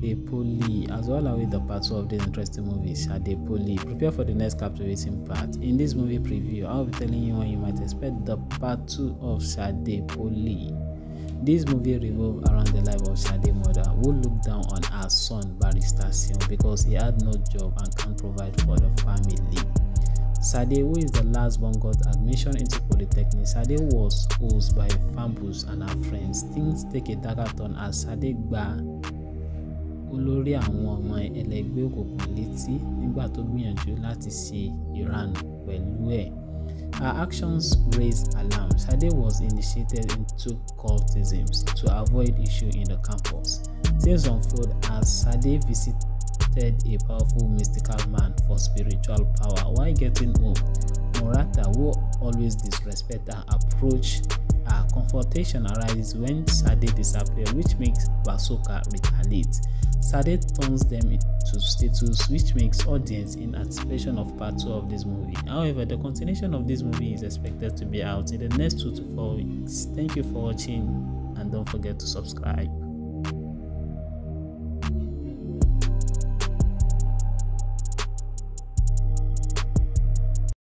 Adepoli, as well with the part 2 of this interesting movie, Adepoli. Prepare for the next captivating part. In this movie preview, I'll be telling you when you might expect the part 2 of Adepoli. This movie revolves around the life of Sade's mother, who looked down on her son Barrister Sion because he had no job and can't provide for the family. Sade, who is the last one got admission into Polytechnic, Sade was hosed by Fambus and her friends. Things take a darker turn as Sade ba. olórí àwọn ọmọ ẹlẹgbẹ́ òkùnkùn létí nígbà tó gbìyànjú láti ṣe ìranù pẹ̀lú ẹ̀. Her actions raised alarm. Sade was initiated into cultism to avoid issue in the campus. Things unfold as Sade visited a powerful mystical man for spiritual power. While getting home, Murata, who always disrespected her, approached A confrontation arises when Sade disappears, which makes Basoka retaliate. Sade turns them into status, which makes audience in anticipation of part 2 of this movie. However, the continuation of this movie is expected to be out in the next 2 to 4 weeks. Thank you for watching and don't forget to subscribe.